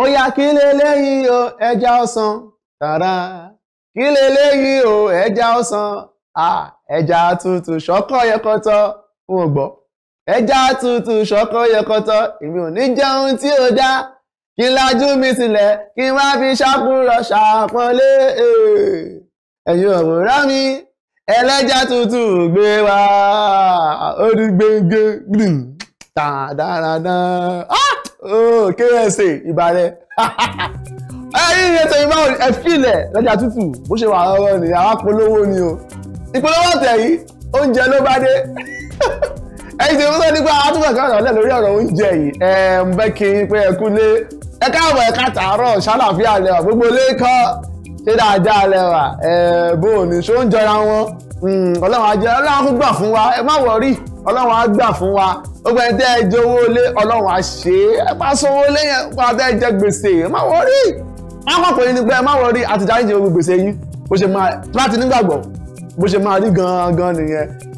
ó yá kí leléyìí o ẹja ọsàn tààrà kí leléyìí o ẹja ọsàn ẹja tútù ṣọkọ yẹkọtọ fún ọgbọ ẹja tútù ṣọkọ yẹkọtọ èmi ò ní jẹun tí ó dá kí lajú mi sílẹ̀ kí n má fi ṣàkúrọ̀ ṣàpọ́nlé ẹ̀yin ọ̀mùrá mi ẹlẹ́ja tútù gbé wá orí gbẹ̀ngẹ̀ gbìn tàdáradá. Oh, ksa ìbàrẹ ẹyìn ètò ìbá ẹfílẹ lọ́jà tútù bó ṣe wà lọ́wọ́ ni àwa polówó ni o ìpolówó ọ̀tẹ̀ yìí oúnjẹ ló bá dé ẹyìn tí mo sọ nípa àtúntò kan ọ̀rọ̀ lórí ọ̀rọ̀ oúnjẹ yìí ẹ ń bẹ́ kí n pé ẹkú lé ẹ káàbọ̀ ẹ káàtàárọ̀ ṣàlàfíà lẹ́wà gbogbo lé kọ́ ṣé dáadáa lẹ́wà ẹ bóun ni ṣó ń jọra wọn hmm, ọlọ́run ajẹ́ ọlọ́run gbà fún wa ẹ má wọrí ọlọ́run á gbà fún wa gbogbo ẹni tẹ́ ẹ jẹ owó lé ọlọ́run á ṣe é ẹ máa sanwó lẹ́yìn pa tẹ́ ẹ jẹ gbèsè ẹ má wọrí akọ̀pọ̀ yìí ni pé ẹ má wọrí àtijọ́ àyíjẹ gbogbo gbèsè yín bó ṣe máa láti nígbàgbọ́ bó ṣe máa rí gangan nìyẹn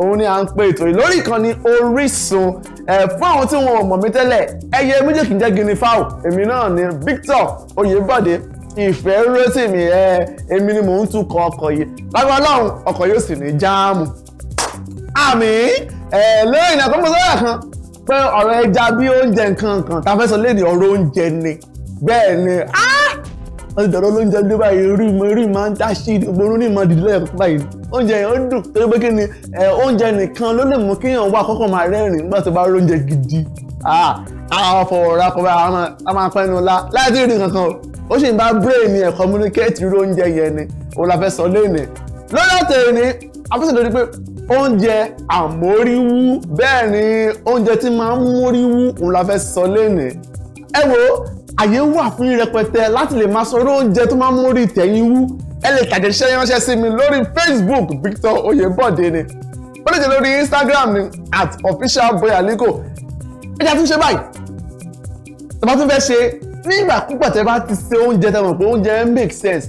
òun ni à ń pe ètò yìí lórí ìkànnì Orísun ẹ fún àwọn tí wọn ò mọ̀ mí tẹ́lẹ̀ ẹyẹ méjì kì í jẹ́ gini fowl èmi náà ni Victor Oyèbọ̀dé ìfẹ́ rétí mi ẹ èmi ni mò ń tukọ̀ ọkọ̀ yìí lágbára Ọlọ́run ọkọ̀ yóò sì ní jáàmù àmì ẹ lẹ́yìn náà kọ́mọ sọ́yà kan pé ọ̀rọ̀ ẹja bí oúnjẹ nǹkan kan tá a fẹ́ sọ léde ọ̀rọ̀ oúnjẹ ni bẹ́ẹ̀ ni áá ah! wọ́n ti dọ̀rọ̀ lóúnjẹ dé báyìí orí mi orí mi máa ń dáṣí gbogbo orí máa dìde lẹ́yìn báyìí oúnjẹ yẹn ó dùn torí pé kí ni oúnjẹ nìkan ló lè mú kéèyàn wá kọ́kọ́ máa rẹ́rìn nígbà tó bá róúnjẹ gidi àwọn afọwọ́ra kọ bá a máa pẹ́nu la láti rí kankan ó sì ń bá brain ẹ̀ communicate irú oúnjẹ yẹn ni òun la fẹ́ sọ lẹ́nìí lọ́dọ̀ tẹ̀lé ni afẹ́sẹ̀dọ̀ ni pé oúnjẹ àmóríwú bẹ́ẹ̀ ni oúnjẹ tí máa ń móríwú òun la fẹ́ sọ lẹ́nìí ẹ wo àyè wà fún yín rẹpẹtẹ láti lè máa sọ̀rọ̀ oúnjẹ tó máa ń mórí tẹ̀yìn wú ẹ lè tàjẹ̀ṣẹ́ ránṣẹ́ sí mi lórí Facebook Victor Oyèbọ̀dé ni ó lè jẹ́ lórí Instagram ni at officialboyaliko ẹ jẹ́ àtúnṣe báyìí tẹ́ bá tún fẹ́ ṣe nígbà púpọ̀ tẹ́ bá ti ṣe oúnjẹ tẹ́ mọ̀ pé oúnjẹ make sense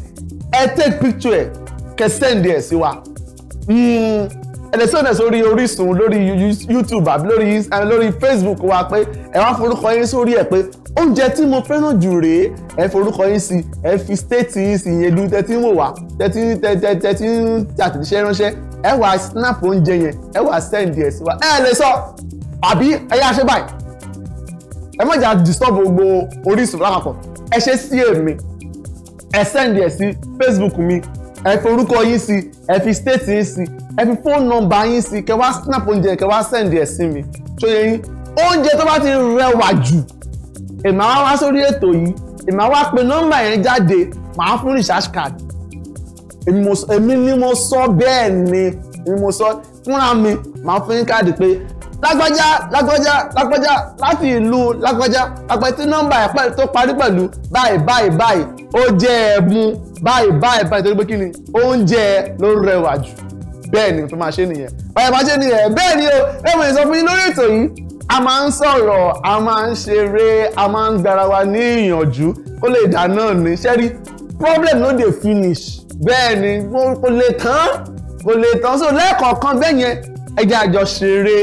ẹ take picture ẹ kẹ́ send ẹ sí wa. Hmm ẹlẹsọ̀nà sórí Orísun lórí YouTube àbí lórí lórí Facebook wa pé ẹ wá forúkọ yín sórí ẹ pé oúnjẹ tí mo fẹ́ràn jù rèé ẹ forúkọ yín sí ẹ fi stéètì yín sí yẹn lu tẹ́tí ń wò wá tẹ́tí ń tẹ́tí ń tàtìṣẹ́ ránṣẹ́ ẹ wá snap oúnjẹ yẹn ẹ wá send ẹ sí wa ẹ lè sọ àbí ẹ yá ṣe báyìí ẹ má jà disturb gbogbo Orísun lápapọ̀ ẹ ṣe sí èmi ẹ send ẹ sí Facebook mi ẹ fi orúkọ yín sí ẹ fi state yín sí ẹ fi phone number yín sí kẹ snap oúnjẹ kẹ send ẹ sí mi tó yẹ yín oúnjẹ tó bá ti rẹwà jù èmi àwa wá sórí ètò yìí èmi àwa pe nọ́mbà yẹn jáde màá fún research card èmi ni mo sọ bẹ́ẹ̀ ni èmi mo sọ fúnra mi màá fún yín káàdì pé lágbájá lágbájá lágbájá láti ìlú lágbájá àpẹ tí nọ́mbà ẹ̀ tó parí pẹ̀lú báyìí báyìí báyìí ó jẹ́ ẹ̀mú báyìí báyìí báyìí torí pé kí ni oúnjẹ ló rẹwà jù bẹ́ẹ̀ ni tó máa ṣe nìyẹn báyìí máa ṣe nìyẹn bẹ́ẹ̀ ni o ẹ mọ̀ ìsọfún yín lórí ètò yìí a máa ń sọ̀rọ̀ a máa ń ṣeré a máa ń gbára wa ní ìyànjú kó lè dà náà ní ṣẹ́rí problem no dey finish bẹ́ẹ̀ ni kò lè tán kò lè tán so lẹ́ẹ̀kọ̀ọ̀kan bẹ́ẹ̀ yẹn ẹ jẹ́ àjọ ṣeré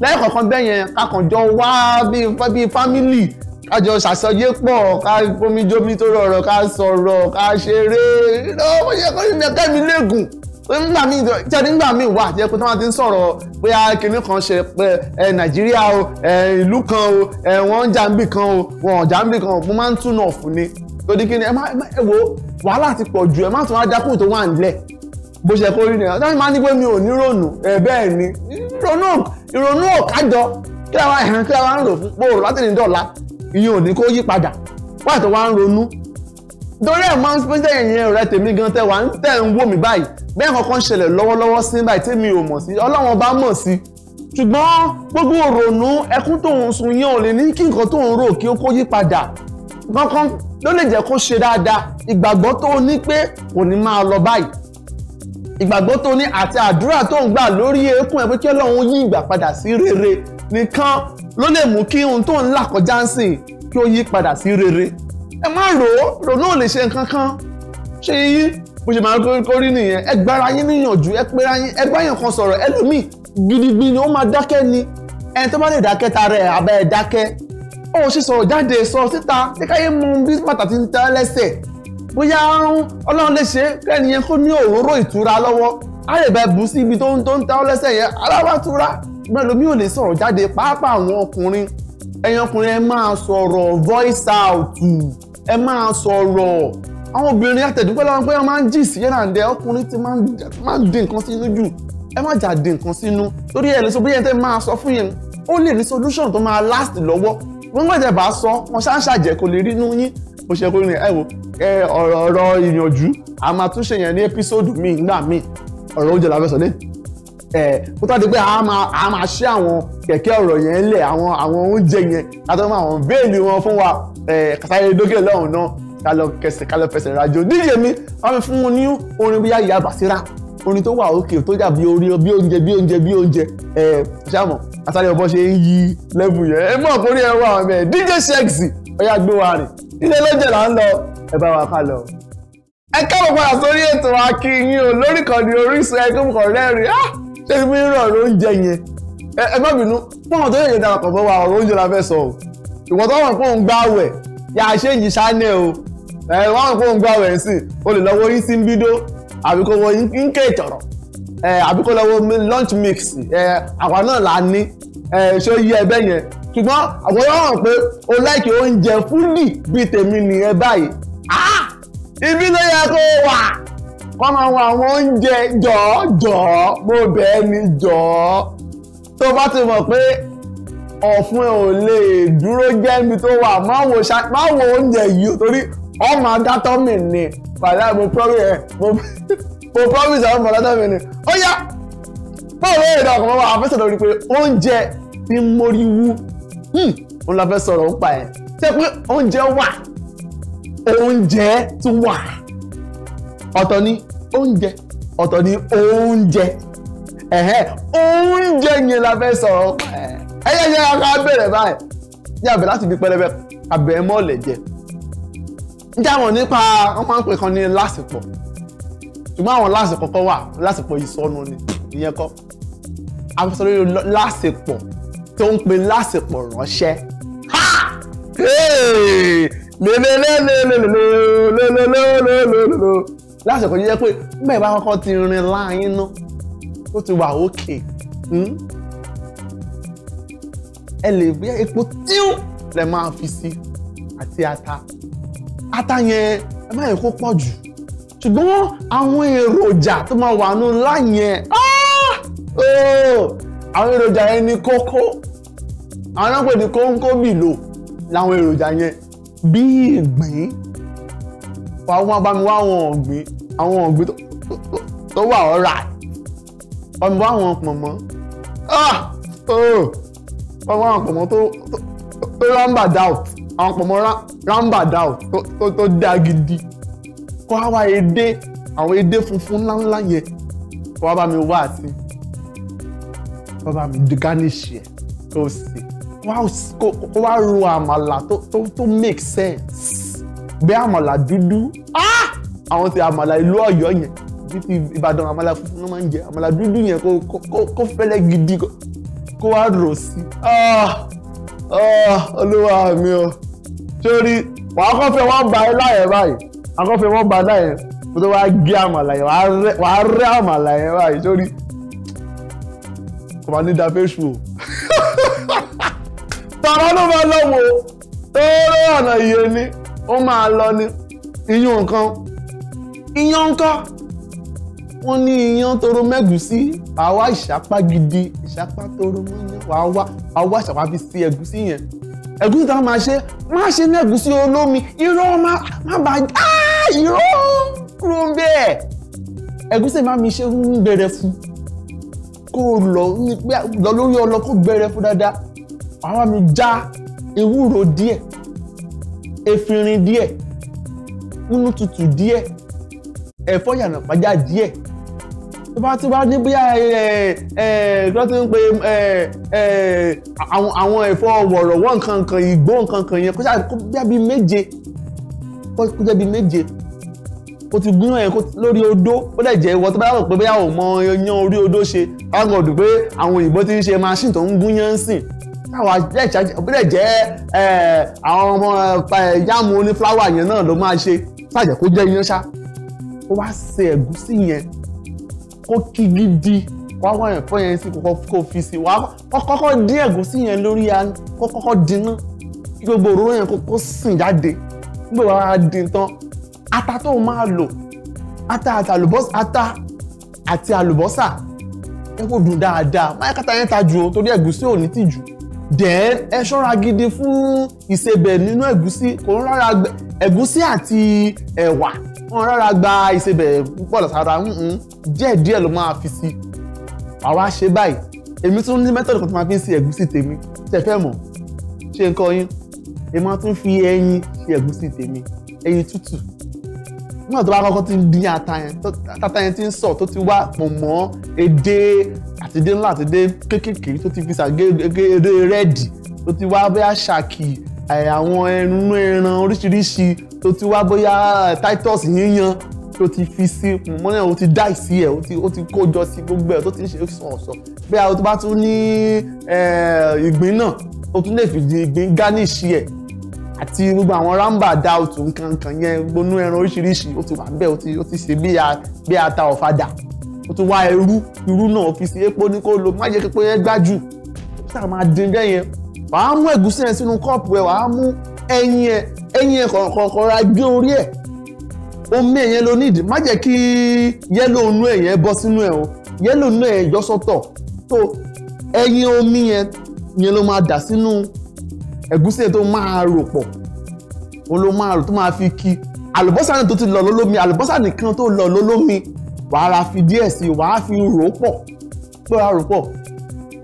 lẹ́ẹ̀kọ̀ọ̀kan bẹ́ẹ̀ yẹn kakànjọ wá bíi fámìlì kájọ ṣàṣọyé pọ̀ ká fomijomi tó rọrọ̀ ká sọ̀rọ̀ ká ṣeré lọ́wọ́ yẹ kó ní mi lẹ́gùn nígbà míì tí ẹni nígbà míì wà jẹ́ pé tí wọ́n ti ń sọ̀rọ̀ bóyá kinní kan ṣe pé ẹ nàìjíríà o ẹ ìlú kan o ẹ wọ́n ń jàǹbì kan o wọ́n ń jàǹbì kan o mo máa ń túnà fún ni torí kí ni ẹ má ẹ wo wàhálà ti pọ̀ jù ẹ má tún wá dákùn tó wà nílẹ̀ bó ṣe kó rí nìyẹn táwọn máa ń ní pé mi ò ní ronú ẹ bẹ́ẹ̀ ni ronú ìrònú ọ̀kájọ kí làwọn ẹ̀hán kí làwọn ń rò fún bó rò látìní dọ̀la ìyẹn ò ní kó yí padà wáyé tó wá ń ronú torí ẹ̀ máa ń pín tẹ̀yìn yẹn rẹ tèmi gan tẹ wà ń tẹ̀ ń wò mí báyìí bẹ́ẹ̀ kankan ṣẹlẹ̀ lọ́wọ́lọ́wọ́ sí báyìí tèmi ò mọ̀ sí Ọlọ́run bá mọ̀ sí ṣùgbọ́n gbogbo òrònú ẹkún tóun sun yẹn ò lè ní kí nǹkan tóun rò kí ó kó yí padà kankan ló lè jẹ́ kó ṣe dáadáa ìgbàgbọ́ tó ní pé kò ní máa lọ báyìí ìgbàgbọ́ tó ní àti àdúrà tó ń gbà lórí eékún ẹ̀ pé kí ọlọ́run yí ìgbà padà sí rere nìkan ló lè mú kí ohun tó ń là kọjá ń sìn kí ó yí padà sí rere ẹ má rò ó ronú ò lè ṣe nǹkan kan ṣe yín bó ṣe máa ń kórí nìyẹn ẹ gbára yín níyànjú ẹ pera yín ẹ bá yẹn kan sọ̀rọ̀ ẹlòmíì gidigbi ni ó máa dákẹ́ ni ẹni tó bá lè dákẹ́ ta rẹ̀ abẹ́ dákẹ́ ó sì sọ̀rọ̀ jáde sọ̀rọ̀ síta kíkáyé mọ bí pàtàkì ń ta lẹ́sẹ̀ bóyá ọlọ́run lè ṣe kẹ́ni yẹn kó ní òróró ìtura lọ́wọ́ á lè bẹ bù sí ibi tó ń tó ń ta ọ́ lẹ́sẹ̀ yẹn alábàtúrà bẹ́ẹ̀ lómi ò lè sọ̀rọ̀ jáde pàápàá àwọn ọkùnrin ẹ̀yin ọkùnrin ẹ máa sọ̀rọ̀ voice out ẹ máa sọ̀rọ̀ àwọn obìnrin àtẹ̀dúpẹ́ lọ́wọ́ pé wọ́n máa ń jì sí yẹ́nà ǹdẹ́ ọkùnrin ti máa ń dín nǹkan sínú jù ẹ má jà dín nǹkan sínú torí ẹ̀ lè sọ bóyá ẹ tẹ́ máa sọ fún yẹn ó lè ní solution tó máa last lọ́wọ́ gbọ́ngbọ́n tẹ bá sọ wọn ṣáà ń ṣàjẹ́ kò lè rí inú yín mo ṣe kó ní ẹ wo ọ̀rọ̀ ọ̀rọ̀ ìyànjú a máa tún ṣe yẹn ní ẹ́písòdù míì nígbà míì ọ̀rọ̀ oúnjẹ la fẹ́ sọ dé kó tó di pé a máa ṣe àwọn kẹ̀kẹ́ ọ̀rọ̀ yẹn lẹ̀ àwọn àwọn oúnjẹ yẹn láti fún àwọn béèlì wọn fún wa kàtàyè dókè lọ́hùn náà kálọ̀ kẹsẹ̀ kálọ̀ fẹsẹ̀ rajo díje mi wọ́n fi fún un ní orin bíyà ìyá bàṣírà orin tó wà òkè tó dà bí orin bí oúnjẹ bí oúnjẹ bí oúnjẹ ẹ ṣàmọ àtàlẹ ọbọ ṣe ń yí lẹ́bù yẹn ẹ mọ̀ kórí ẹ wà mẹ́ DJ Sexy ọ̀yà gbé wa rìn ilé lọ́jẹ̀ là ń lọ ẹ bá wa ká lọ. ẹ káàbọ̀ padà sórí ètò AkiiYin o lórí ìkànnì Orísun ẹ kún kàn rẹ́rìn á ah! ṣé ti fi ń rọ̀rọ̀ oúnjẹ yẹn ẹ má bínú fún àwọn tó yẹ darapọ̀ mọ́ wa ọ̀rọ̀ oúnjẹ la fẹ́ sọ o ìwọ̀n tó wọ̀n fún òun gbáwẹ̀ yà á ṣe yìí ṣáná o ẹ̀ wọ́n fún òun gbáwẹ̀ sí o lè lọ wọ́n yín sí ń àbí kó wo nké ìtọ̀rọ̀ àbí kó lọ wo lunch mix àwa náà là á ní ṣé ó yí ẹbẹ yẹn ṣùgbọ́n àwọn yóò hàn pé o láìkí oúnjẹ fúlì bíi tèmi nìyẹn báyìí ibi ló yẹ kó wà kọ́ máa wọ àwọn oúnjẹ jọ̀ọ́ jọ̀ọ́ mo bẹ́ẹ̀ ni jọ̀ọ́ tó bá ti mọ̀ pé ọ̀fun ẹ̀ ò lè dúró jẹ́ mi tó wà má wo oúnjẹ yìí torí ọmọ adátọ́ mi ni padà mo promise ẹ mo promise ọmọ adátọ́ mi ni ó yá báwo ló yẹ ìdá ọkọ̀ mọ́wá àfẹ́sọ̀ lórí pé oúnjẹ ní moriwu hmm, òun la fẹ́ sọ̀rọ̀ ń pa ẹ̀ ṣé pé oúnjẹ wà oúnjẹ tún wà ọ̀tọ̀ ni oúnjẹ ọ̀tọ̀ ni oúnjẹ ẹ̀hẹ́ oúnjẹ yẹn la fẹ́ sọ̀rọ̀ ẹ̀ ẹ̀yẹ́ yẹn ká bẹ̀rẹ̀ báyìí ní láti fi pẹlẹbẹ àbẹ̀ mọ́ọ̀lẹ̀ jẹ dáwọn nípa wọ́n máa ń pè kan ní lásìkò ṣùgbọ́n àwọn lásìkò kọ́ wà lásìkò ìsọnù ni ìyẹn kọ́ àwọn sọ lórí lásìkò tó ń pe lásìkò ránṣẹ́ lásìkò yẹ pé bẹ́ẹ̀ bá kọ́kọ́ ti rin láàyín ná ó ti wà òkè ẹ lè gbé epo tíú lẹ máa fi sí àti ata ata yẹn ẹ má yẹ kó pọ̀ jù ṣùgbọ́n àwọn èròjà tó máa wà nù lá yẹn ah! àwọn èròjà yẹn ní kókó àwọn náà pè ní kóńkó mìlò làwọn èròjà yẹn bí ìgbín wàá wọn bá mi wá àwọn ọ̀gbìn àwọn ọ̀gbìn tó wà ọ̀rà ọmọ bá àwọn pọ̀nmọ́ ọmọ ah! àwọn pọ̀nmọ́ tó rọ́mbà doubt àwọn pọ̀mọ́ rambadao tó tó dáa gidi kó wá edé àwọn edé funfun ńláńlá yẹn kó wá bá mi wá àti kó bá mi di garnish yẹn tó sì kó wá ro àmàlà tó make sense bẹ́ẹ̀ àmàlà dúdú ah! àwọn ti àmàlà ìlú Ọ̀yọ́ yẹn títí Ìbàdàn àmàlà funfun ló máa ń jẹ àmàlà dúdú yẹn kó fẹ́lẹ́ gidi kó wá rò sí. Ah! Ah, olúwa mi o sórí wàá kọ́ fẹ́ wọ́n ba láyẹ̀ báyìí akọ́ fẹ́ wọ́n ba láyẹ̀ kó tó wàá gé àmàlà yẹn wàá rẹ́ àmàlà yẹn báyìí sórí kò máa ní da fésù o tààrà ló máa lọ wò tóóró ọ̀nà ìyẹn ni ó máa lọ ní iyún nǹkan iyán nǹkan wọ́n ní iyán toro mẹ́gùsí wàá wá ìṣàpá gidi ìṣàpá toro mọ́yán wàá wá wàá wá ìṣàpá fi sí ẹ̀gúsí yẹn ẹ̀gúsí táwọn máa ṣe má ṣe ní ẹ̀gúsí olómi irọ́ má bá irọ́ kúrò ń bẹ́ẹ̀ ẹ̀gúsí má mi ṣe ń bẹ̀rẹ̀ fún kó lọ lọ lórí ọlọ kó bẹ̀rẹ̀ fún dáadáa àwọn mi já ewúro díẹ̀ efinrin díẹ̀ kúnú tutù díẹ̀ ẹ̀fọ́ yànnàpájà díẹ̀ tó bá ti wá ní bóyá lọ́tí ń pe àwọn ẹ̀fọ́ wọ̀rọ̀wọ́ nǹkan kan ìgbó nǹkan kan yẹn kó ṣáà kó jẹ́ bíi méje kó jẹ́ bíi méje kó ti gún yẹn lórí odó ó dẹ̀ jẹ́ ìwọ tó bá rò pé bóyá ò mọ yan orí odó ṣe báwọn kan dùn pé àwọn òyìnbó ti ń ṣe máṣíìnì tó ń gún yẹn ń sìn táwa bẹ́ẹ̀ jẹ́ àwọn ọmọ yáàmù onífláwà yẹn náà ló máa ṣe ṣáà jẹ́ kó jẹ́ iyán ṣá ó wá ṣe ẹ̀gúsí yẹn kó kí gidi wá wá ẹ̀fọ́ yẹn sí kó fi sí wá kọ́kọ́ dín ẹ̀gúsí yẹn lórí a kọ́kọ́ dínà kí gbogbo òróró yẹn kó sìn jáde gbogbo wa dín tán ata tó máa lò ata àti àlùbọ́sà ata àti àlùbọ́sà ẹ kó dùn dáadáa máa kàtà yẹn ta jù o torí ẹ̀gúsí ò ní tì jù then ẹ ṣọ́ra gidi fún ìsebẹ̀ nínú ẹ̀gúsí kò ń rárá ẹ̀gúsí àti ẹ̀wà. E wọn rárá gba ìsebẹ̀ púpọ̀ lọ́sàrà díẹ̀ díẹ̀ ló máa fi sí àwa ṣe báyìí èmi tún ní mẹ́tọ̀dù kan tó máa fi ń ṣe ẹ̀gúsí tèmi tẹ fẹ́ mọ̀ ṣe nǹkan yín èmi máa tún fi ẹyin ṣe ẹ̀gúsí tèmi ẹyin tútù nígbà tó bá kọ́kọ́ ti ń dín ata yẹn ti ń sọ̀ tó ti wá pọ̀nmọ́ edé àtidé ńlá àtidé kékèké tó ti fi ṣàgéde rẹ́ẹ̀dì tó ti wá bóyá ṣàkì àwọn ẹnu ẹran oríṣiríṣi tó ti wá bóyá titus yíyan tó ti fi sí mọ náà o ti dá ìsí ẹ o ti kó jọ sí gbogbo ẹ tó ti ń ṣe oṣù ọ̀sọ̀ bóyá o tó bá tún ní ìgbín náà o tún lè fi di ìgbín garnish ẹ àti gbogbo àwọn rámbà dá òtù nǹkankan yẹn gbónú ẹran oríṣiríṣi ó ti wà bẹ́ẹ̀ ó ti ṣe bí ata ọ̀fadà ó ti wá irú irú náà fi sí epo ní kó lo má jẹ́ pé yẹn gbájú ó sì máa dín bẹ́ẹ̀ yẹn wàá mú ẹ̀gúsí yẹn sínú kọ́ọ̀pù ẹ wàá mú ẹyin ẹ ẹyin ẹ̀ kọ̀ọ̀kan ra gé orí ẹ̀ omi ẹ̀yẹn ló nídìí má jẹ́ kí yẹ́lò inú ẹ̀yẹn bọ́ sínú ẹ̀ o yẹ́lò inú ẹ̀yẹn jọ sọ́tọ̀ tó ẹyin omi yẹn yẹn ló máa dà sínú ẹ̀gúsí yẹn tó máa rò pọ̀ òun ló máa rò tó máa fi kí àlùbọ́sà náà tó ti lọ lólómi àlùbọ́sà nìkan tó lọ lólómi wàá ra fi díẹ̀ sí wàá fi rò pọ̀ pé wàá rò pọ̀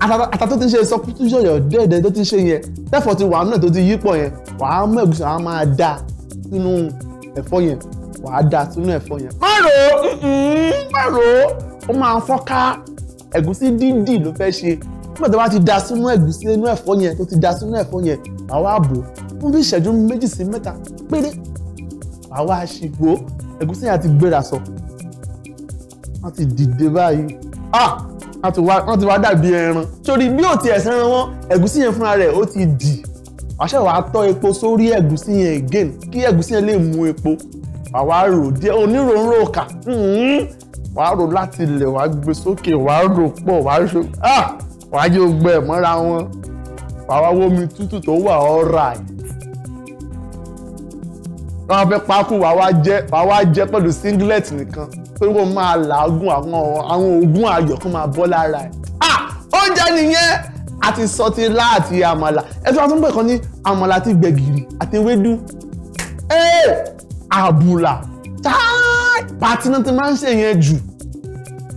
ata tó ti ṣe substitution yọ dẹ́ẹ̀dẹ́ tó ti ṣe yẹn tẹ́fọ̀ ti wà náà tó ti yípọ̀ yẹn wàá mú ẹ̀gúsí wàá máa dà sínú ẹ̀fọ́ yẹn wàá dà sínú ẹ̀fọ́ yẹn. má rò ó má rò ó ó máa fọ́ká ẹ̀gúsí dídì ló fẹ́ ṣe nígbà tó bá ti dà sínú ẹ̀gúsí inú ẹ̀fọ́ yẹn tó ti dà sínú ẹ̀fọ́ yẹn wàá bò fún bí ìṣẹ́jú méjì sí mẹ́ta péré wàá ṣìgbó ẹ̀gúsí yẹn ti gbéra sọ wọ́n ti dìde báyìí ah! wọ́n ti wá dàbí ẹran sórí bí ò ti ẹ̀sán ẹran wọn ẹ̀gúsí yẹn fúnra rẹ̀ ó ti dì àṣẹ wàá tọ́ epo sórí ẹ̀gúsí yẹn again kí ẹ̀gúsí yẹn lè mú epo àwa rò díẹ̀ oníròórò ọkà hmm. wàá rò láti ilẹ̀ wàá gbé sókè wàá rò pọ̀ wàá rò ah! wàá yóò gbẹ mọ́ra wọn wàá wá wómi tútù tó wà ọ̀rà yìí wọ́n fẹ́ pákó wàá wá jẹ pẹ̀lú singlet nìkan torí kó máa làágùn àwọn àwọn oògùn ayọ̀ kó máa bọ́ lára ẹ̀. Ah! oúnjẹ nìyẹn àti sọtílá àti àmàlà ẹ tí wọ́n tún pè kàn ní àmàlà àti gbẹ̀gìrì àti ewédú àbùlà táì pàtí ti máa ń ṣe yẹn jù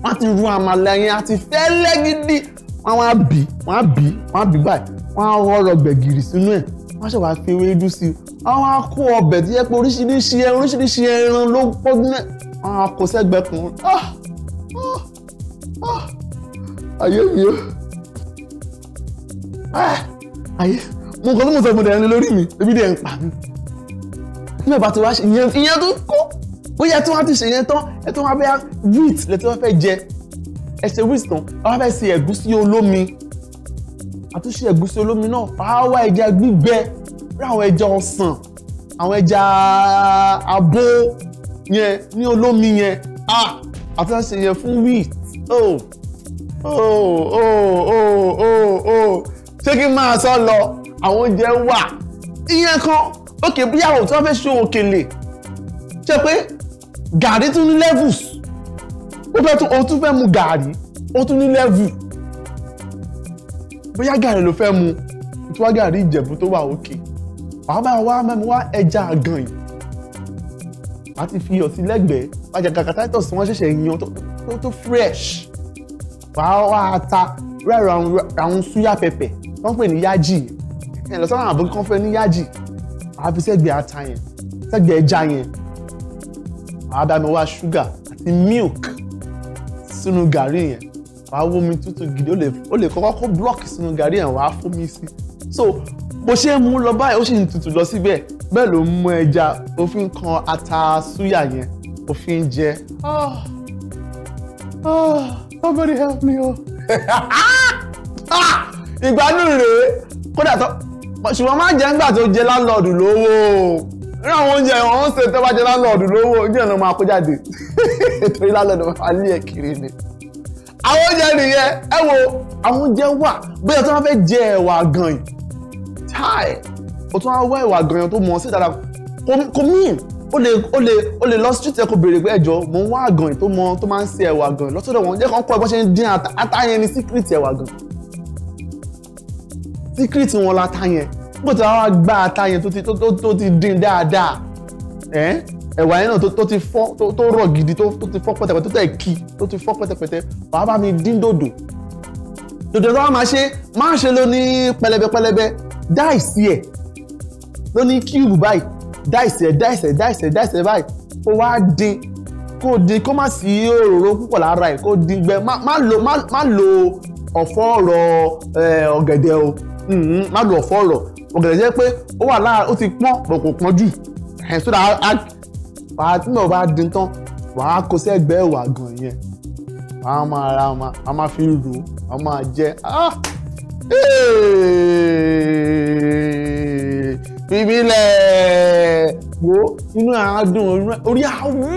wọ́n ti ru àmàlà yẹn àti fẹ́lẹ́ gidi wọ́n á bì wọ́n á bì wọ́n á bì báyìí wọ́n á rọrọ gbẹ̀gìrì sínú ẹ̀ wọ́n ṣe wàá fi ewédú sí i wọ́n á kó ọbẹ̀ tí yẹ pé oríṣiríṣi ẹran oríṣiríṣi ẹran ló pọ́jú àwọn ah, kò sẹ́gbẹ́ kan ah, ah, ayé mi o ayé mo kọ́ tó mo sọ mo dẹ̀ ẹni lórí mi ebi dẹ̀ ń pa mi nígbà bá ti wá ṣe ìyẹn ìyẹn tó kó bóyá tí wọ́n ti ṣe ìyẹn tán ẹ tó wọ́n fẹ́ wheat lẹ́tọ́ wọ́n fẹ́ jẹ ẹ ṣe wheat tán wọ́n fẹ́ ṣe ẹ̀gúsí olómi àtúnṣe ẹ̀gúsí olómi náà fàáwá ẹja gbígbẹ rí àwọn ẹja ọsàn àwọn ẹja abó yẹn ní olómi yẹn ah àti àṣẹ yẹn fún wheat oh oh oh oh oh oh ṣé kí n máa sọ lọ àwọn oúnjẹ wà ìyẹn kan òkè bí àwọn tó fẹ́ ṣe òkèlè ṣe pé gàrí tún ní levels ó fẹ́ tún o tún fẹ́ mu gàrí ó tún ní level bóyá gàrí ló fẹ́ mu tí wá gàrí ìjẹ̀bú tó wà òkè wàá bá wa mẹ́mu wá ẹja àgàn yìí a ti fi iyọ̀ sí lẹ́gbẹ̀ẹ́ àjàgà titus tí wọ́n yan tó tó fresh wàá wá ata rẹ́rọ àwọn suya pepper wọ́n pè ní yaji ẹ̀ lọ́sọ̀rọ̀ àwọn àbúrò kan fẹ́ ní yaji àá fi sẹ́gbẹ̀ẹ́ ata yẹn sẹ́gbẹ̀ẹ́ ẹja yẹn àá bá mi wá ṣúgà àti milk sínú gàrí yẹn wàá wómi tútù gidi ó lè kọ́kọ́ kó block sínú gàrí yẹn wàá fómi sí so bó ṣe ń mú lọ báyìí ó sì ń tutù lọ síbẹ̀ bẹ́ẹ̀ ló ń mú ẹja ó fi ń kan ata súyà yẹn ó fi ń jẹ. oh oh somebody help me o. Oh. Ah, ìgbádùn rèé kódà tó ṣùgbọ́n má jẹ́ nígbà tó jẹ láńlọ́ọ̀dù lówó ní àwọn oúnjẹ wọn ń ṣe tó bá jẹ láńlọ́ọ̀dù lówó oúnjẹ náà máa kó jáde torí láńlọ́ọ̀dù máa lé ẹ̀ kiri ni. àwọn oúnjẹ nìyẹn ẹ wo àwọn oúnjẹ wà bóyá tí wọ́n fẹ́ jẹ ẹ̀wà gan-an tie o tún wá wá ìwà àgànyàn tó mọ̀ sí dáadáa kò mí o lè o lè o lè lọ street ẹ kó béèrè pé ẹjọ́ mò ń wá àgànyàn tó mọ̀ tó máa ń ṣe ẹwà àgànyàn lọ́sọ̀dọ̀ wọn jẹ́ kàn kọ́ ẹ ṣe ń dín ata yẹn ni secret ẹwà gan. secret wọn la ta yẹn bó ti wá gba ata yẹn tó ti dín dáadáa ẹ̀wà yẹn náà tó ti fọ́ tó rọ̀ gidi tó ti fọ́ pẹ́tẹ́pẹ́tẹ́ tó tẹ̀ kí tó ti fọ́ pẹ́tẹ́pẹ́tẹ́ wàá bá mi dín dòdò dòdò tó wá máa ṣe máa ṣe ló pẹlẹbẹ pẹlẹbẹ dáìsì ẹ̀ ló ní kíùbù báyìí dáìsì ẹ̀ dáìsì ẹ̀ dáìsì ẹ̀ dáìsì ẹ̀ báyìí kó wá dín kó dín kó má sí òróró púpọ̀ lára ẹ̀ kó dín gbẹ má lo má lo ọ̀fọ́ ọ̀rọ̀ ọ̀gẹ̀dẹ̀ o mm-hmm. má lo ọ̀fọ́ ọ̀rọ̀ ọ̀gẹ̀dẹ̀ jẹ́ pé ó wà lára ó ti pọ́n bọ̀ kò pọ́n jù ẹ̀ sódà wàá tí mo bá dín tán wàá kó sẹ́gbẹ̀ẹ́ wà gan yẹn wàá máa ra wàá máa fi rò wàá máa jẹ ah bíbí lẹ̀ wo inú àádùn orí àwú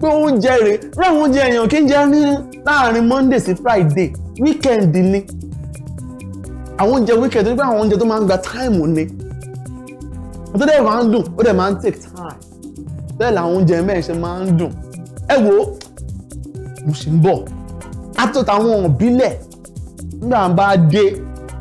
pé oúnjẹ rẹ̀ ráwọn oúnjẹ èèyàn kí n jẹ ní láàrin Monday sí Friday weekend ni àwọn oúnjẹ weekend nígbà àwọn oúnjẹ tó máa ń gba táìmù ni tó dẹ̀ máa ń dùn ó dẹ̀ máa ń take time bẹ́ẹ̀ làwọn oúnjẹ mẹ́rin ṣe máa ń dùn ẹ wo mo sì ń bọ̀ àtọ̀tà àwọn òbílẹ̀ nígbà bá dé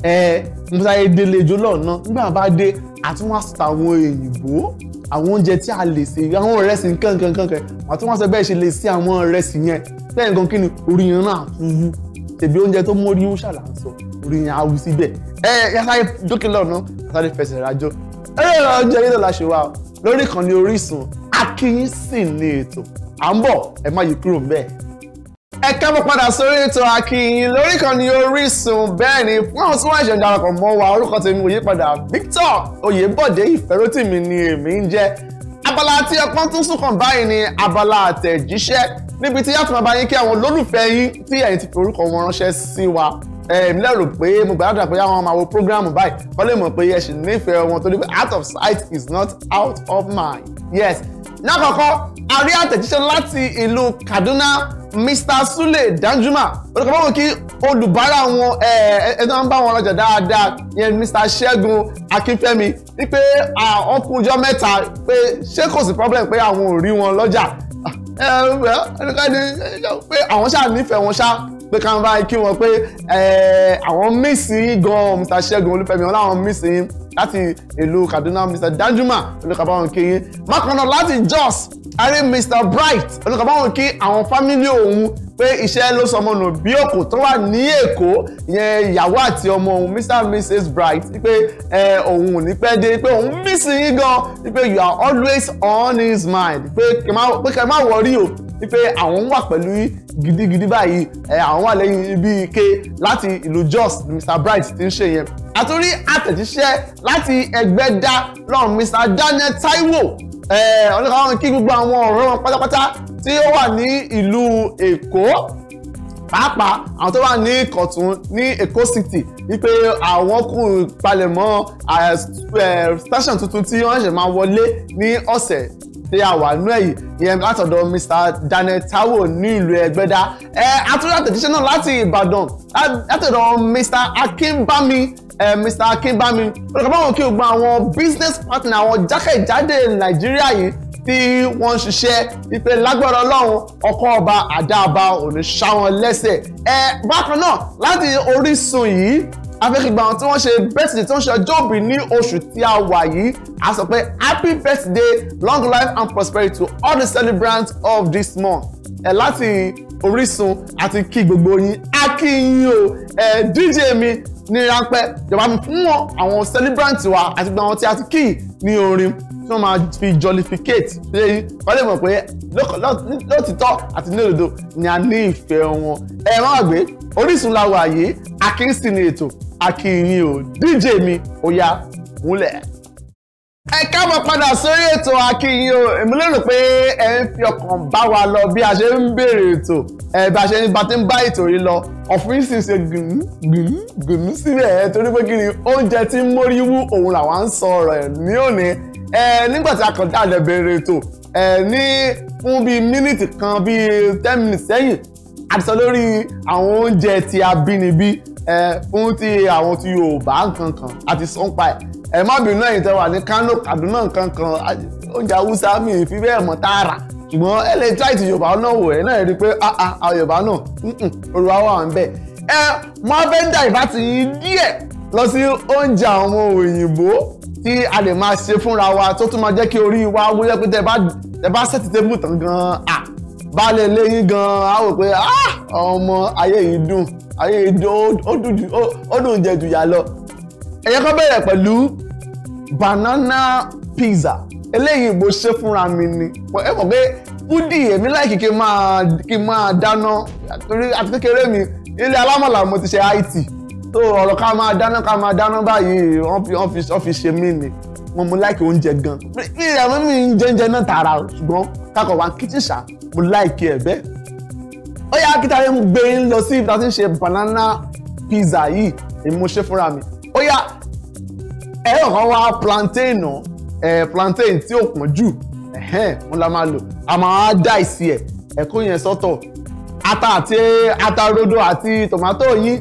ẹ musaye délé jọlọ náà nígbà bá dé àtúnwàsíta àwọn òyìnbó àwọn oúnjẹ tí a lè ṣe àwọn ìrẹsì kankankankan wọn àti wọn sọ bẹ́ẹ̀ ṣe lè ṣe àwọn ìrẹsì yẹn lẹ́yìn kan kí ni orí yẹn náà fúnfú tẹbi oúnjẹ tó mórí ó ṣàlà ń sọ orí yẹn awù síbẹ̀ ẹ yàtàlẹ dókè lọnà yàtàlẹ fẹsẹ̀ rájọ ẹ yẹ lọ jẹ nílò láṣẹ wa lórí ìkànnì Orísun Akíyìn sì ni ètò à ń bọ̀ ẹ má yí kúrò bẹ́ẹ̀ ẹ kábọ̀ padà sórí ètò AkiiYin lórí ìkànnì Orísun bẹ́ẹ̀ ni fún àwọn tí wọ́n ṣẹ̀ṣẹ̀ darapọ̀ mọ́ wa orúkọ tèmi kò yí padà Victor Oyèbọ̀dé Ìfẹ́rótìmí ni èmi ń jẹ́ abala tí ọpọ́n tún sùnkàn báyìí ni abala àtẹ̀jíṣẹ́ níbi tí yàtọ̀ bàbá yín kí àwọn olólùfẹ́ yín tí ẹ̀yin ti fi orúkọ wọn ránṣẹ́ sí wa èmi lérò pé mo gbàdúrà pé àwọn máa wo prógrámù báyìí wọ́n lè mọ̀ pé ẹ ṣì nífẹ̀ẹ́ wọn torí pé out of sight is not out of mind yes lákọ̀ọ́kọ́ a rí àtẹ̀jíṣẹ́ láti ìlú Kaduna Mr Sule Danjuma olùkọ́bọ̀wò kí olùbárà wọn ẹni wọn bá wọn lọ́jà dáadáa yẹn Mr Ṣẹ́gun Akínfẹ́mi wípé àwọn kú ọjọ́ mẹ́ta pé ṣé kò sí problem pé àwọn ò rí wọn lọ́jà ah, ẹnikẹ́ni pé àwọn ṣáà nífẹ̀ẹ́ wọn ṣáà pé káwọn bá kí wọn pé eh, àwọn mísì gan Mr Ṣẹ́gun Olúfẹ́mi wọn láwọn mísì láti ìlú Kaduna Mr Danjuma olùkàbáwọn kí yín mákànnà láti Jos àrí Mr Bright olùkàbáwọn kí àwọn fámílì òun pé iṣẹ́ ló sọmọ nù bí òkò tó wà ní Èkó ìyẹn ìyàwó àti ọmọ òun Mr and Mrs Bright pé eh, òun ò ní pẹ́ dé pé òun mísì gan pé you are always on his mind pé kẹ́ máa wọrí o pé àwọn wà pẹ̀lú yín gidigidi báyìí ẹ àwọn wà lẹ́yìn bí ike láti ìlú Jos Mr Bright ti ń ṣe yẹn àtúrí àtẹ̀jíṣẹ́ láti Ẹgbẹ́dá lọ́rùn Mr Daniel Taiwo ọlọ́kàwọn kí gbogbo àwọn ọ̀rọ̀ wọn pátápátá tí ó wà ní ìlú Èkó pàápàá àwọn tó wà ní Kọ̀tún ní Èkó City wípé àwọn kù palẹ̀mọ́ station tuntun tí wọ́n ṣẹ̀ máa wọlé ní ọ̀sẹ̀ tí a wà nú ẹ̀yìn ìyẹn látọ̀dọ̀ Mr. Daniel Taiwo ní ìlú Ẹgbẹ́dá ẹ atúndà tẹ̀jíṣẹ́ náà láti Ìbàdàn látọ̀dọ̀ Mr. Akínbámi ẹ Mr. Akínbámi olùkọ́ báwọn kí o gba àwọn business partner àwọn jákèjádé Nàìjíríà yìí tí wọ́n ń ṣiṣẹ́ ipe lágbára ọlọ́run ọkọ̀ ọba àdáàbá òní ṣáwọn lẹ́sẹ̀ ẹ bákan náà láti Orísun yìí afẹ́kìgbà àwọn tí wọ́n ṣe birthday tí wọ́n ṣe ọjọ́òbí ní oṣù tí a wà yìí a sọ pé happy birthday long life and prosperity to all the celebrants of this month ẹ̀ láti Orísun àti kí gbogbo yín a kí yín o ẹ̀ DJ mi ní ráńpẹ́ ìjọba mi fún wọn àwọn celebrants wa àti gbogbo àwọn tí a ti kí ní orin tí wọ́n máa fi jollificate ṣe yìí wọ́n lè mọ̀ pé lótìtọ́ àti ní ni a ní ìfẹ́ wọn ẹ̀ má gbàgbé Orísun la wà yìí a kì í sì ètò akínyìn o dj mi ó yá múlẹ̀. ẹ káàbọ̀ padà sórí ètò akínyìn o èmi lérò pé ẹ ń fi ọkàn bá wa lọ bí a ṣe ń bèrè ètò ẹ bá ṣe ń bá ti ń bá ètò yìí lọ ọ̀fun yìí sì ṣe gùn gùn gùn síbẹ̀ ẹ torí pé kí ni oúnjẹ tí ń mórí wú òun làwa ń sọ ọ̀rọ̀ ẹ̀ ní òní ẹ nígbà tí a kàn dáadẹ bèrè ètò ẹ ní fún bíi mínítì kan bíi ten minutes sẹ́yìn àti sọ lórí àwọn oúnjẹ ti abínibí fún ti àwọn ti Yorùbá nkankan àti sọ́npa ẹ̀ ẹ̀ má bínú ẹ̀yin tẹ́ wà ní Kano Kaduna nkankan oúnjẹ Haúsá mi fi bẹ́ẹ̀ mọ́ tààrà ṣùgbọ́n ẹ lè try ti Yorùbá náà wò ẹ̀ náà ẹ̀ rí i pé ah, ah, àwọn Yorùbá náà Yorùbá wà ń bẹ̀ ẹ mọ́ fẹ́ dà ìbá ti yín díẹ̀ lọ sí oúnjẹ àwọn òyìnbó tí a lè máa ṣe fúnra wa tó tún máa jẹ́ kí orí wa wúyẹ́ pé tẹ́ bá ṣètìtẹ́bù tán gan-an baálé ilé yín gan-an á wò pé ah, ọmọ ayé yìí dùn ayé yìí dùn ó dùn jẹ jù yà lọ ẹ̀yẹ́ kan bẹ̀rẹ̀ pẹ̀lú banana pizza eléyìí mo ṣe fúnra mi ni ẹ mọ̀ pé fúdì èmi láì kí máa kí máa dáná torí àti kékeré mi ilé alámọ̀là mo ti ṣe IT tó ọ̀rọ̀ ká máa dáná ká máa dáná báyìí wọ́n fi ṣe mí ni mo mú láìkí oúnjẹ gan-an mi ìyàwó mi ń jẹ́ oúnjẹ náà tààrà ṣùgbọ́n kakọ̀ wá kíchìn ṣáà mo like ẹ̀ bẹ́ẹ̀. ó yá akíntayé ń gbé ń lọ sí ibi tá a ti ń ṣe banana pizza yìí èmi mo ṣe fúnra mi ó yá ẹ̀rọ kan wá plantain náà ẹ̀ plantain tí ò pọ̀n jù mo la máa lò a máa dáìsì ẹ̀ ẹ̀kọ́ yẹn sọ́tọ̀ ata àti ata rodo àti tòmátò yìí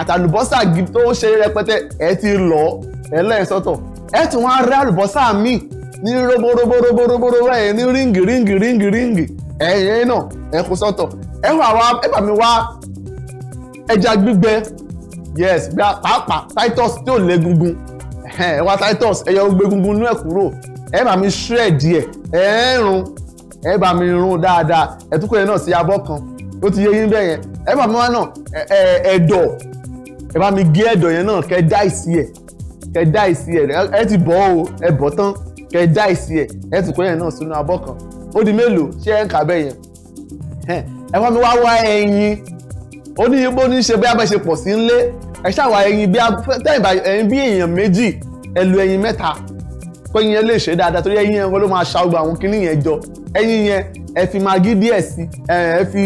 àtàlùbọ́sà gidi tó ṣe rẹpẹtẹ ẹ ti lọ ẹ lẹ́yìn sọ́tọ̀ ẹ tún wá rí àlùbọ́sà míì ní roboroboroboroboro ẹ̀ ní ríǹgì ríǹgì ríǹgì ríǹgì ẹ̀yìn náà ẹ kó sọ́tọ̀ ẹ wà wá ẹ bà mí wá ẹja gbígbẹ yes bí pàápàá titus tí ò lé gungun ẹ wá titus ẹ yọ gbé gungun inú ẹ kúrò ẹ bà mí shred ẹ ẹ rún ẹ bà mí rún dáadáa ẹ tún kó yẹn náà sí abọ́ kan ó ti yé yín bẹ́ẹ̀ yẹn ẹ bà mí wá náà ẹ̀dọ̀ ẹ bá mi gé ẹ̀dọ̀ yẹn náà kẹ́ dá ìsí ẹ̀ kẹ́ dá ìsí ẹ̀ ẹ ti bọ̀ ọ́ ẹ bọ̀ tán kẹ́ dá ìsí ẹ̀ ẹ tún kó yẹn náà sínú abọ́ kan ó di mélòó ṣé ẹ ń kà bẹ́ẹ̀ yẹn ẹ̀fọ́ mi wá wá ẹyin ó ní bó ní ṣe bí abẹ́ ṣe pọ̀ sí ńlé ẹ ṣàwá ẹyin bí tẹ́yìnbá ẹyin bí èèyàn méjì ẹ lu ẹyin mẹ́ta kó ẹyin yẹn lè ṣe dáadáa torí ẹyin yẹn ló máa ṣa gbogbo àwọn kinní yẹn jọ ẹyin yẹn ẹ fi magi díẹ̀ sí ẹ fi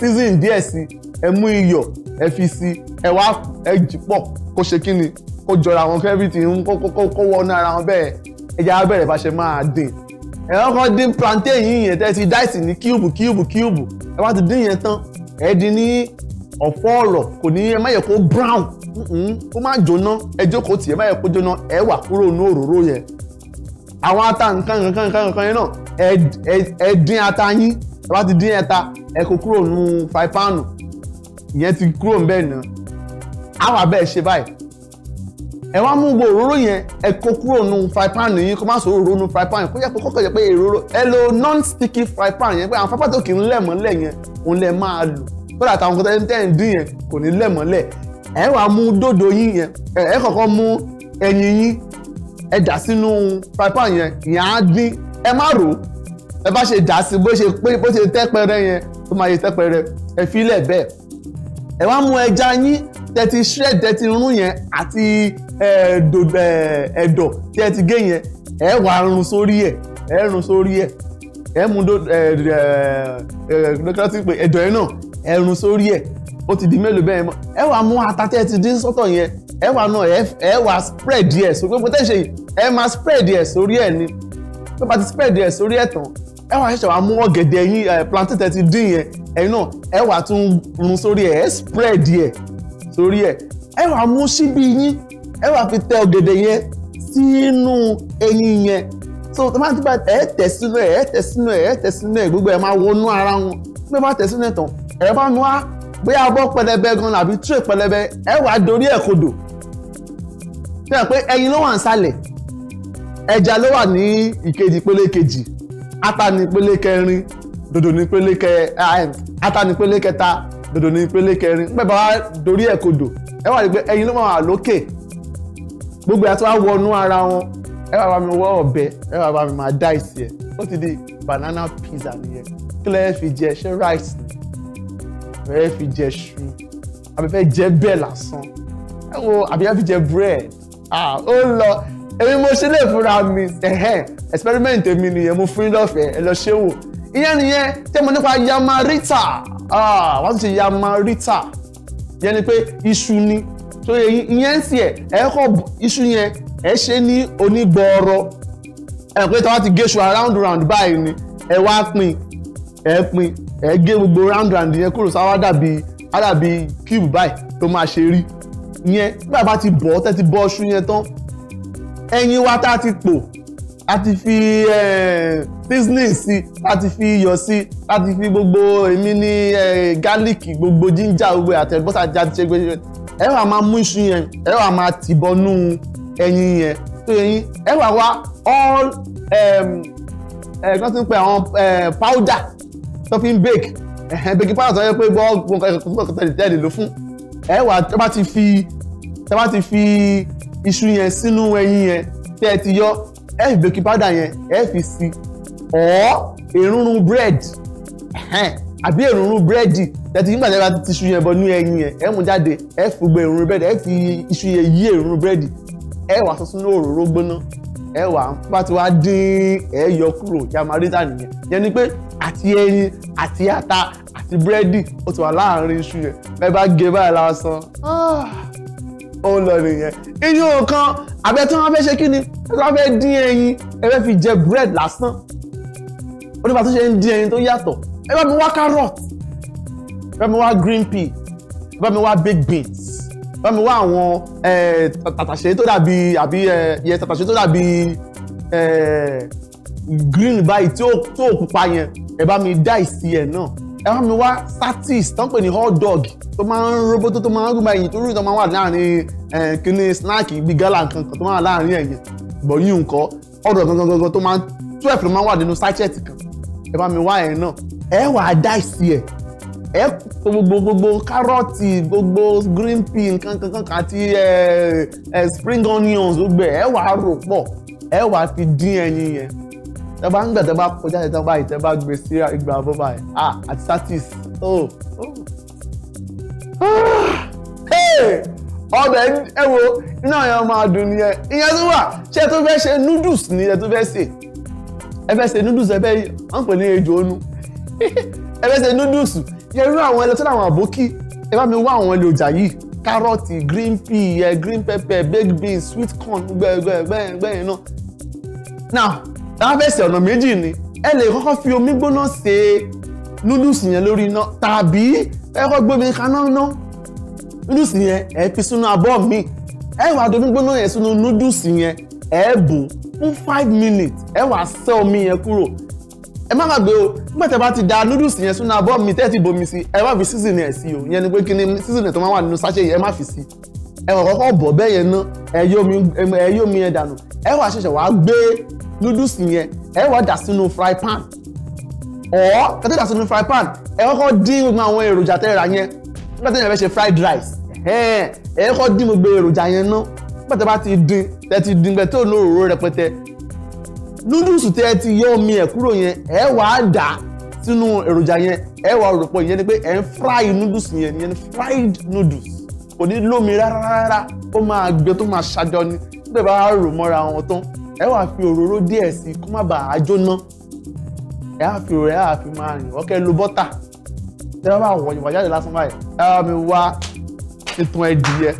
season díẹ̀ sí ẹ mú iyọ̀ ẹ fi sí ẹ wá ẹ jì pọ̀ kó ṣe kíni kó jọra wọn kó everything kó wọnú ara wọn bẹ́ẹ̀ ẹja bẹ̀rẹ̀ bá ṣe máa dín ẹ kọ́kọ́ dín plantain yín yẹn tẹ́ ti dáìsì ní cube, cube. kíùbù ẹ bá ti dín yẹn tán ẹ dín ní ọ̀fọ́ ọ̀lọ̀ kò ní ẹ má yẹ kó brown kó má jóná ẹ jókòó tì ẹ má yẹ kó jóná ẹ wà kúrò ní òróró yẹn àwọn ata nǹkan nǹkan nǹkan nǹkan yẹn náà ẹ dín ata yín ẹ bá ti dín ẹta ẹ kó kúrò nù fàìpáànù ìyẹn ti kúrò ń bẹ́ẹ̀ náà àwọn abẹ́ ẹ ṣe báyìí ẹ wá mú gbogbo òróró yẹn ẹ kó kúrò nù fry pan yín kó má sọ òróró nù fry pan yẹn kó yẹ kó kọ́kọ́ yẹ pé èròró ẹ lo non sticky fry pan yẹn pé àwọn fry pan tó kì í lẹ̀ mọ́lẹ̀ yẹn òun lẹ máa lò kódà táwọn kan tẹ́ ń dín yẹn kò ní lẹ̀ mọ́lẹ̀ ẹ wá mú dòdò yín yẹn ẹ kọ́kọ́ mú ẹyin yín ẹ dà sínú fry pan yẹn yẹn á dín ẹ má rò ẹ bá ṣe dà sí bó ṣe pé bó ṣe tẹ́pẹrẹ yẹn tó máa ṣe tẹ́pẹrẹ tẹ́tí shred tẹ́tí rún yẹn àti ẹ̀dọ̀ tẹ́tí gé yẹn ẹ̀ wà run sórí ẹ̀ ẹ̀ run sórí ẹ̀ ẹ̀ mú ẹ̀dọ̀ yẹn náà ẹ̀ run sórí ẹ̀ ó ti di mélòó bẹ́ẹ̀ mọ́ ẹ̀ wà mú ata tẹ́tí dín sọ́tọ̀ yẹn ẹ̀ wà náà ẹ̀ wà spread ẹ̀ sórí gbogbo tẹ́sẹ̀ yìí ẹ̀ máa spread ẹ̀ sórí ẹ̀ ni tó bá ti spread ẹ̀ sórí ẹ̀ tán ẹ wá ṣẹ̀ṣẹ̀ wá mú ọ̀gẹ̀dẹ̀ yín plantain tẹ́ ti dín yẹn ẹ̀yin náà ẹ wá tún run sórí ẹ̀ ẹ̀ spread ẹ̀ sórí ẹ̀ ẹ wàá mú síbí yín ẹ wàá fi tẹ ọ̀gẹ̀dẹ̀ yẹn sínú ẹyin yẹn so tó máa ti bá ẹ tẹ̀ sínú ẹ ẹ tẹ̀ sínú ẹ ẹ tẹ̀ sínú ẹ gbogbo ẹ máa wọnú ara wọn bí ẹ bá tẹ̀ sínú ẹ tán ẹ bá mú wá bóyá abọ́ pẹlẹbẹ gan àbí tray pẹlẹbẹ ẹ wàá dorí ẹ̀ kodò fi hàn pé ẹyin ló wà ń sálẹ̀ ẹja ló wà ní ìkejì pélé kejì ata ní pélé kẹrin dòdò ní pélé kẹ ata ní pélé kẹta dòdò ní ìpele kẹrin bẹ́ẹ̀ bá wá dorí ẹ̀ kodò ẹ wà rí pé ẹyin ló máa wà lókè gbogbo ẹ̀ tó wá wọnú ara wọn ẹ wá bá mi wọ ọ̀bẹ ẹ wá bá mi máa dá ìsì ẹ ó ti di banana pizza nìyẹn kí lẹ́yìn fi jẹ ṣé rice ni ẹ fi jẹ ṣu àbí fẹ́ jẹ bẹ́ẹ̀ lásán ẹ wo àbí ẹ fi jẹ bread ah ó lọ èmi mo ṣe lè fúnra mi ẹ̀hẹ́n experiment mi nìyẹn mo fún yín lọ́fẹ̀ẹ́ ẹ lọ ṣé wò ìyẹn nìyẹn tẹ́ mo nípa yamarita. Ah, wọ́n ti ṣe yamarita yẹn ni pé iṣu ni tó yẹ ìyẹn ń sì ẹ̀ ẹ̀ kọ́ iṣu yẹn ẹ̀ ṣe ní onígbọ̀ọ́rọ̀ ẹ̀ pé tọ́wọ́ ti gé iṣu around round báyìí ni ẹ̀ wá pín ẹ̀ pín ẹ̀ gé gbogbo round round yẹn kúrò sáwá dàbí dàbí cube báyìí tó máa ṣe rí yẹn nígbà bá ti bọ̀ ọ́ tẹ́ ti bọ́ iṣu yẹn tán ẹyin wa tá a ti pò a ti fi eh, seasoning sí a ti fi iyọ̀ sí a fi gbogbo èmi ní eh, garlic gbogbo ginger gbogbo àtẹ̀gbọ́sà jáde ṣe gbèsè ẹ wà máa mú iṣu yẹn ẹ wà máa tìbọnú ẹyin yẹn tó yẹ ẹ wà wá all ẹ eh, kí wọ́n ti ń pè powder tó fi ń bake baking powder tó yẹ pé gbọ́ nǹkan tẹ̀lé ló fún ẹ wà tó bá ti fi tó bá ti fi iṣu yẹn sínú ẹyin yẹn tẹ́ ẹ ti yọ ẹ fi baking powder yẹn ẹ fi sí ọ̀ èrúnrún bread àbí èrúnrún búrẹ́dì tẹ̀tí nígbà tí a bá ti iṣu yẹn bọ ní ẹyin yẹn ẹ mú jáde ẹ fi gbogbo èrúnrún búrẹ́dì ẹ fi iṣu yẹn yí èrúnrún búrẹ́dì ẹ wà sọ sínú òróró gbóná ẹ wà bá ti wá dín ẹ yọ kúrò yamarita nìyẹn yẹn ni pé àti ẹyin àti ata àti búrẹ́dì ó ti wà láàárín iṣu yẹn bẹ́ẹ̀ bá gé báyìí lásán. Ah ó ń lọ nìyẹn iyún kan abẹ tí wọ́n fẹ́ ṣe kí ni wọ́n fẹ́ dín ẹyin ẹ fẹ́ fi jẹ bread lásán onífà tó ṣe ń dín ẹyin tó yàtọ̀ ẹ bá mi wá carrot ẹ bá mi wá green pea ẹ bá mi wá baked beans ẹ bá mi wá àwọn tàtàṣé tó dàbí àbí yẹ tàtàṣé tó dàbí green báyìí tí ó pupa yẹn ẹ bá mi dá ìsí ẹ náà ẹran mi wá satis tó ń pè ní hot dog tó máa ń roboto tó máa ń rúbọ ẹ̀yìn tó rúbọ tó máa wà láàrin kíní snack bíi gala nǹkan kan tó máa wà láàrin ẹ̀yìn bọ̀yìn nǹkan hot dog gangan gangan tó máa ń twelve ló máa wà nínú sachet kan ẹ bá mi wá ẹ̀ náà ẹ wà á dáìsì ẹ̀ ẹ gbogbo gbogbo kárọ̀tì gbogbo green pea nǹkan kan kan àti spring onions gbogbo ẹ wà á rò pọ̀ ẹ wà á fi dín ẹyin yẹn tẹ bá ń gbà tẹ bá kọjá tẹ bá yìí tẹ bá gbé sí ìgbà fún báyìí ah àti status oh ọbẹ̀ ẹ wo iná yẹn máa dùn nìyẹn ìyẹn tó wà ṣé ẹ tó fẹ́ ṣe noodles ni ẹ tó fẹ́ sè ẹ fẹ́ ṣe noodles ẹ fẹ́ wọ́n pè ní ejò onu ẹ fẹ́ ṣe noodles yẹn irú àwọn ẹlẹ́tọ́ àwọn àbókí ẹ bá mi wá àwọn ẹlẹ́ ọjà yìí kárọ̀tì green pea green pepper baked beans sweet corn gbẹ̀gbẹ̀gbẹ̀ yẹn náà now tábẹ́sì ọ̀nà méjì ni ẹ lè kọ́kọ́ fi omi gbóná ṣe núdùsì yẹn lórí iná tàbí ẹ kọ́ gbómi kaná ná núdùsì yẹn ẹ fi sínú abọ́ mi ẹ wàá domi gbóná yẹn sínú núdùsì yẹn ẹ bù fún five minutes ẹ wàá sẹ́ omi yẹn kúrò ẹ má gbàgbé o nígbà tí a bá ti da noodles yẹn sínú abọ́ mi tẹ́ẹ̀tì bomi sí ẹ má fi season ẹ̀ sí o yẹn ni pé kí ni season ẹ̀ tó máa wà nínú sachet yẹn ẹ má fi sí ẹ wọ̀ kọ́kọ́ bọ̀ bẹ́ẹ̀ yẹn ná ẹ yómi ẹ dànù ẹ wá ṣẹ̀ṣẹ̀ wá gbé noodles yẹn ẹ wá dà sínú fry pan ọ̀ kẹ́tẹ́ dà sínú fry pan ẹ kọ́kọ́ dín gbogbo àwọn èròjà tẹ́ ra yẹn nígbà tí ẹ fẹ́ ṣe fried rice ẹ kọ́kọ́ dín gbogbo èròjà yẹn ná nígbà tí ẹ bá ti dín tẹ́ ti dín gbẹ tó ní òróró rẹpẹtẹ noodles tẹ́ ẹ ti yọ omi ẹ̀ kúrò yẹn ẹ wá dà sínú èròjà yẹn ẹ wá òròpọ̀ yẹn ni pé ẹ ń fry noodles yẹn yẹn ni fried noodles kò ní lómi rárá rárá ó máa gbẹ tó máa ṣàjọ ni bẹ́ẹ̀ bá rò mọ́ra wọn tán ẹ wàá fi òróró díẹ̀ sí kó má bàa jóná ẹ á fi òróró ẹ á fi máa rìn ọ̀kẹ́ lo bọ́tà ẹ bá wọ̀ ìwà jáde lásán báyìí ẹ bá mi wá ìtàn ẹ̀dìyẹ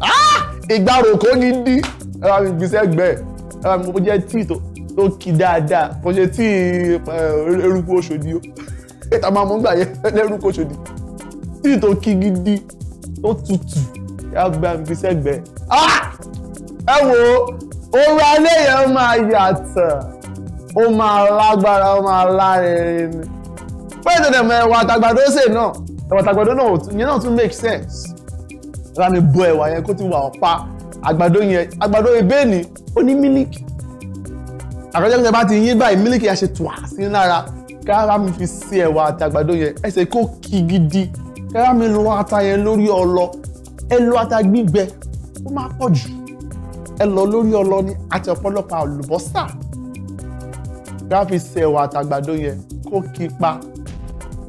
ah! ìgbà ròkó ni dí ẹ bá mi gbèsè gbẹ ẹ bá mi kó jẹ́ tíì tó tó kí dáadáa kò ṣe tí eruku Òṣòdì o ètò àmọ́ àmọ́gbà yẹn lẹ́rùkú Òṣòdì tí tó kí gidi tó tutù yàgbà gbèsè gbẹ. ah ẹ wo orí alẹ́ yẹn máa yàtọ̀ ó máa lágbára ó máa lárinrin ni bẹ́ẹ̀ tẹ̀lé mọ ẹwà àtàgbàdo ṣe náà ẹwà àtàgbàdo náà yẹn náà tún make sense ra mi bọ ẹwà yẹn kó ti wà ọ̀pá àgbàdo yẹn àgbàdo ìbéènì ó ní mílíkì àkọjá pé bá ti yín báyìí mílíkì yẹn ṣe tù á sí lára kára fi sí ẹwà àti àgbàdo yẹn ẹsẹ̀ kó kí gidi kára mi ata yẹn lórí ọlọ ẹ lo ata gbígbẹ ó máa pọ̀ jù ẹ lọ lórí ọlọ́ni àti ọ̀pọ̀lọpọ̀ àlùbọ́sà ká fi ṣe ẹ̀wà àtàgbàdo yẹn kó kí pa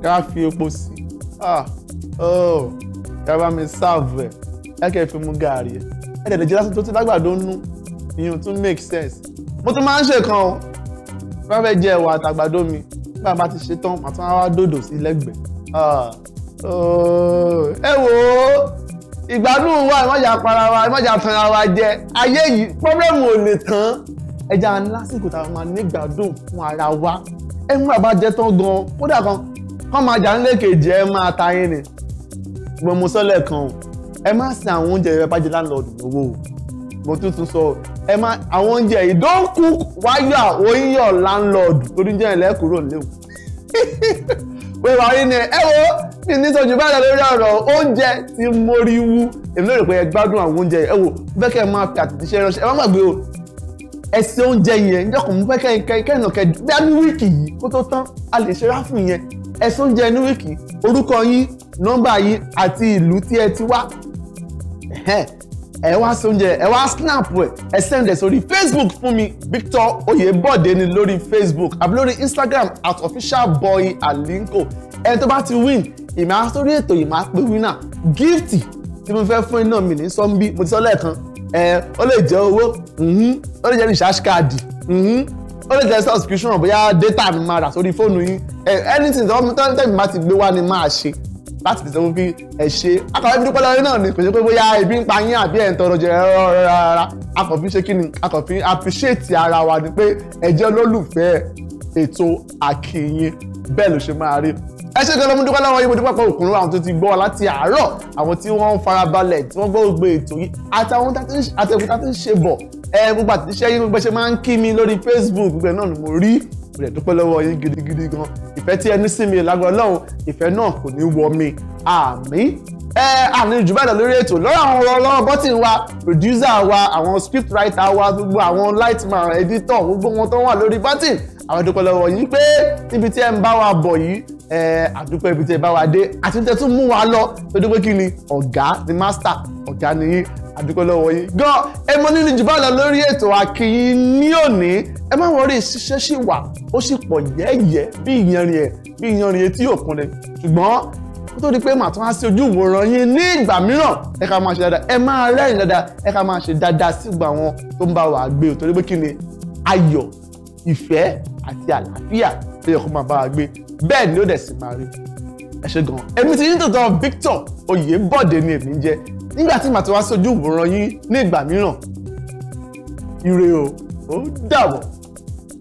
ká fi epo sí ah, oh, ká bá mi sáàvù ẹ̀ ẹ kẹ́ fi mú gààrí ẹ̀ ẹ̀ dẹ̀dẹ̀ jẹ́ lásán tó ti lágbàdo nú ìyẹn tún make sense mo tún máa ń ṣe kan o bá fẹ́ jẹ ẹ̀wà àtàgbàdo mi nígbà bá ti ṣe tán màá tún wá dòdò sí lẹ́gbẹ̀ẹ́ ah, oh, ẹ wò ó ìgbádùn wa ìmọ̀jà para wa ìmọ̀jà fẹ́ra wa jẹ ayé yìí pọ́blẹ́mù ò lè tán ẹja lásìkò táwọn máa ní ìgbádùn fún ara wa ẹ mú bàbá jẹ tán gan kódà kan kọ́ máa jà nílé kejì ẹ máa ta yín ni mo mú sọ́lẹ̀ kan o ẹ má sin àwọn oúnjẹ rẹ bá jẹ láńlọ́ọ̀dù lówó o mo tún tún sọ ẹ má àwọn oúnjẹ yìí don cook while you are owing your landlord torí oúnjẹ yẹn lẹ́kúrò léwu pé wàá rí ni ẹ wo ní nítorí báyìí lórí ọ̀rọ̀ oúnjẹ tí mórí wú èmi lórí pé ẹ gbádùn àwọn oúnjẹ ẹ wò bẹ́ẹ̀ kẹ́ ẹ máa fi àtẹ̀jíṣẹ́ ránṣẹ́ ẹ má gbàgbé o ẹ ṣe oúnjẹ yẹn níjọ́ kò mú pé kẹ́hìnà kẹ́ dání wíìkì yìí kó tó tán a lè ṣe ráfù yẹn ẹ ṣe oúnjẹ ní wíìkì orúkọ yín nọ́mbà yín àti ìlú tí ẹ ti wá ẹ wá sóúnjẹ ẹ wá snap ẹ send ẹ sórí facebook fún mi victor oyèbọ̀dé ni lórí facebook àbí lórí instagram at officialboyalinko ẹni tó bá ti win ìmọ̀ àsórí ètò ìmọ̀ àpè winner gift tí mo fẹ́ fún iná mi ní sọ́nbí mo ti sọ lẹ́ẹ̀kan ẹ ó lè jẹ́ owó mhm, ó lè jẹ́ recharge card mhm, ó lè jẹ́ subscription bóyá data mi máa rà sórí fóònù yín anything tó ń tẹ́lẹ̀ mi máa ti gbé wá ni máa ṣe láti lè sọ fún ẹ ṣe akọ̀wé dúpẹ́ lọ́wọ́ náà ni kò ṣe pé bóyá ebi ń pa yín àbí ẹ̀ ń tọrọ jẹ rárá rárá akọ̀fin ṣe kí ni akọ̀fin appreciate ara wa ni pé ẹ olólùfẹ́ ètò àkìyìn bẹ́ẹ̀ ló ṣe máa rí ẹ ṣe gan-an lọ́mọdúpẹ́ láwọn yìí mo dúpẹ́ pé òkùnrin àwọn tó ti gbọ́ láti àárọ̀ àwọn tí wọ́n ń farabalẹ̀ tí wọ́n gbọ́ gbé ètò yìí àtàwọn tá ti ń ṣe bọ̀ ẹ gbogbo àtẹ̀ṣẹ́ yín gbogbo ṣe máa ń kí mi lórí Facebook gbogbo náà ni mo rí mo lè dúpẹ́ lọ́wọ́ yín gidigidi gan ìfẹ́ tí ẹ ní sí mi lágbára Ọlọ́run ìfẹ́ náà kò ní wọ mi àmín ẹ àní jù lórí ètò lọ́rọ̀ àwọn ọlọ́rọ̀ bọ́tì wa producer wa àwọn script writer wa gbogbo àwọn man, editor gbogbo wọn tó wà lórí bọ́tì àwọn dúpẹ́ lọ́wọ́ yìí pé níbi tí ẹ ń bá wa bọ̀ yìí ẹ àdúpẹ́ ibi tí ẹ bá wa dé àti tẹ́ tún mú wa lọ tó dúpẹ́ kí ni ọ̀gá ni master ọ̀gá nìyí àdúgbò lọ́wọ́ yín. gan ẹ mọ nínú jù báyìí lọ lórí ètò àkìyìn ní òní ẹ má wọrí ṣiṣẹ́ sì wà ó sì pọ̀ yẹ́yẹ́ bí ìyanrìn ẹ̀ bí ìyanrìn etí òkun ni ṣùgbọ́n kó tó di pé màá tún á sí ojú ìwòran yín ní ìgbà mìíràn ẹ ká máa ṣe dáadáa ẹ máa rẹ́rìn dáadáa ẹ ká máa ṣe dáadáa sí gbà wọn tó ń bá wa gbé torí pé kí ni ayọ̀ ìfẹ́ àti àlàáfíà ló yẹ kó máa bá wa gbé bẹ́ẹ̀ ni ó dẹ̀ sì máa rí ẹ ṣe gan-an èmi ti yín tòótọ́ Victor Oyèbọ̀dé ni èmi ń jẹ́ nígbà tí màtí wá sójú ìwòran yín ní ìgbà mìíràn ire o ó dàbọ̀.